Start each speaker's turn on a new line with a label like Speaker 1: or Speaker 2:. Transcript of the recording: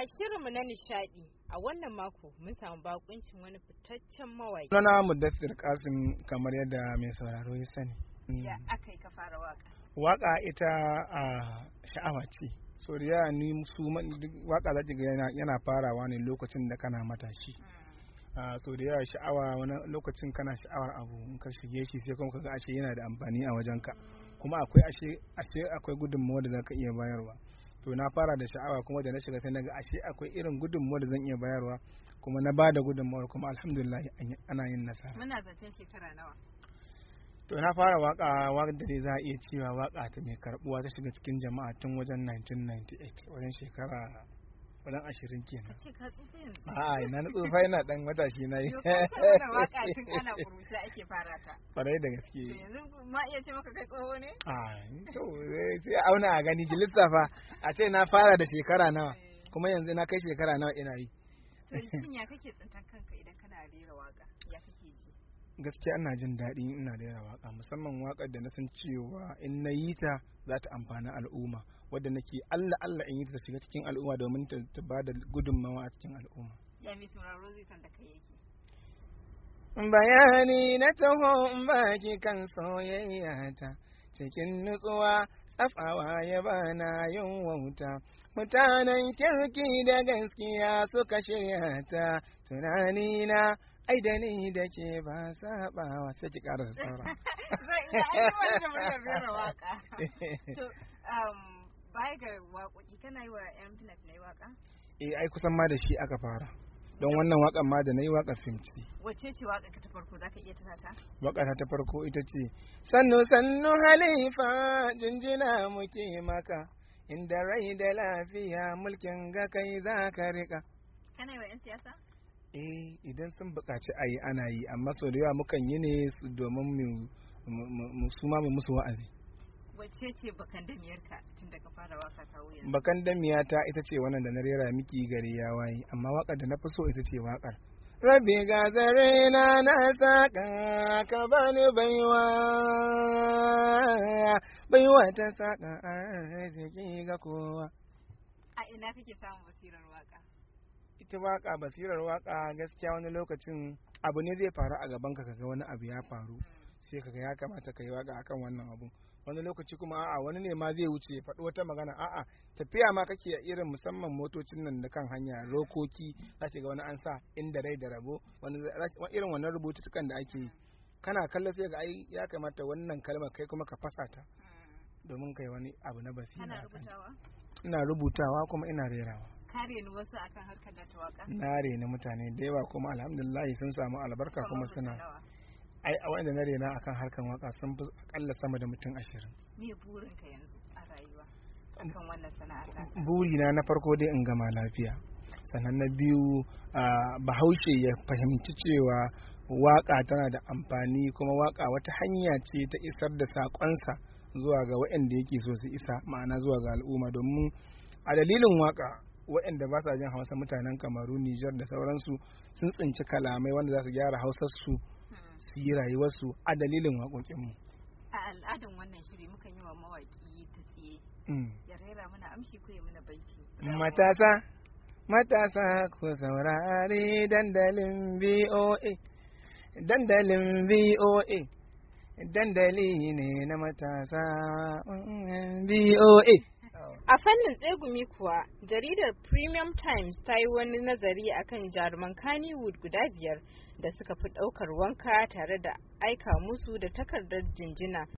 Speaker 1: A shirinmu na nishadi a wannan mako mun samu bakuncin wani fitaccen mawaki. Sunana Mudassir Kasim kamar yadda mai sauraro ya sani. Ya aka yi ka fara waka. Waka ita a sha'awa ce. So da yawa ni su waka zaki ga yana farawa ne lokacin da kana matashi. so da yawa sha'awa wani lokacin kana sha'awar abu in ka shige shi sai kuma kaga ashe yana da amfani a wajenka hmm. kuma akwai ashe akwai gudunmawa da zaka iya bayarwa. to na fara da sha'awa kuma da na shiga sai na ga ashe akwai irin gudunmuwa da zan iya bayarwa kuma na da gudunmuwar kuma alhamdulillah ana yin nasara muna zancen shekara nawa to na fara waka waka da za a iya cewa waka ta mai karbuwa ta shiga cikin jama'a tun wajen 1998 wajen shekara wadan ashirin kenan. Ka ce ka tsufe yanzu. A'a ina na tsufa yana dan matashi na yi. Wannan waka tun ana kuruta ake fara ta. Farai da gaske. Yanzu ma iya ce maka kai tsoho ne? Ah, to eh, sai a auna a gani ki lissafa a ce na fara da shekara nawa eh. kuma yanzu na kai shekara nawa ina yi. To shin ya kake tsintan kanka idan kana rera waka? Ya kake ji? Gaskiya ina jin daɗi ina rera waka musamman waka da na san cewa in na yi ta za ta amfani al'umma. wadda nake Allah Allah in yi ta shiga cikin al'umma domin ta ba da gudunmawa a cikin al'umma. sauraro zai da kai yake. Bayani na taho in baki kan soyayya ta cikin nutsuwa tsafawa ya bana yin wauta. Mutanen kirki da gaskiya suka shirya ta tunani na ai da ni da ke ba wa sai ki ƙara da saura. To, um, baya ga waƙoƙi kana yi wa yan fina waƙa eh ai kusan ma da shi aka fara don wannan waƙar ma da na yi waƙar fim ce. Wace ce waƙar ta farko za ka iya tuna ta? Waƙar ta farko ita ce, Sannu sannu halifa jinjina muke maka, inda rai da lafiya mulkin ga kai za ka riƙa. Kana yi wa 'yan siyasa? Eh, idan sun buƙaci a yi ana yi, amma sau da yawa mukan yi ne domin mu suma mu musu wa'azi. wacce ce bakan damiyarka tun daga fara waka bakan damiyata ita ce wannan da na rera miki gari ya waye amma wakar da na fi so ita ce wakar Rabi ga zare na na saka ka bani baiwa baiwa ta saka arziki ga kowa a ina kake samun basirar waka ita waka basirar waka gaskiya wani lokacin abu ne zai faru a gaban ka kaga wani abu ya faru mm. sai ka ya kamata ka yi waka akan wannan abu wani lokaci kuma a'a wani ne ma zai wuce ya faɗi wata magana a'a tafiya ma kake irin musamman motocin nan da kan hanya rokoki za ga wani an sa inda rai da rabo irin wannan rubututtukan da ake yi kana kallon sai ga ai ya kamata wannan kalmar kai kuma ka fasa ta domin kai wani abu na basira ina rubutawa kuma ina rerawa kare ni wasu akan harkar da tawaka na reni mutane da yawa kuma alhamdulillah sun samu albarka kuma suna ai a wanda na rena akan harkan waka sun fi akalla sama da mutum ashirin me ka yanzu a rayuwa akan wannan sana'a burina na farko dai in gama lafiya sannan na biyu bahaushe ya fahimci cewa waka tana da amfani kuma waka wata hanya ce ta isar da saƙonsa zuwa ga waɗanda yake so su isa ma'ana zuwa ga al'umma domin a dalilin waka waɗanda ba sa jin hausa mutanen kamaru nijar da sauransu sun tsinci kalamai wanda za su gyara hausarsu su yi rayuwarsu a dalilin waƙoƙinmu a al'adan wannan shiri mukan yi wa mawaƙi ta tsiye mm. ya rera mana amshi ko ya mana baiti matasa matasa ku saurari dandalin VOA. dandalin VOA. dandali ne na matasa mm, mm, VOA. A fannin tsegumi kuwa, jaridar Premium Times ta yi wani nazari akan jaruman Kannywood guda biyar da suka fi ɗaukar wanka tare da aika musu da takardar jinjina.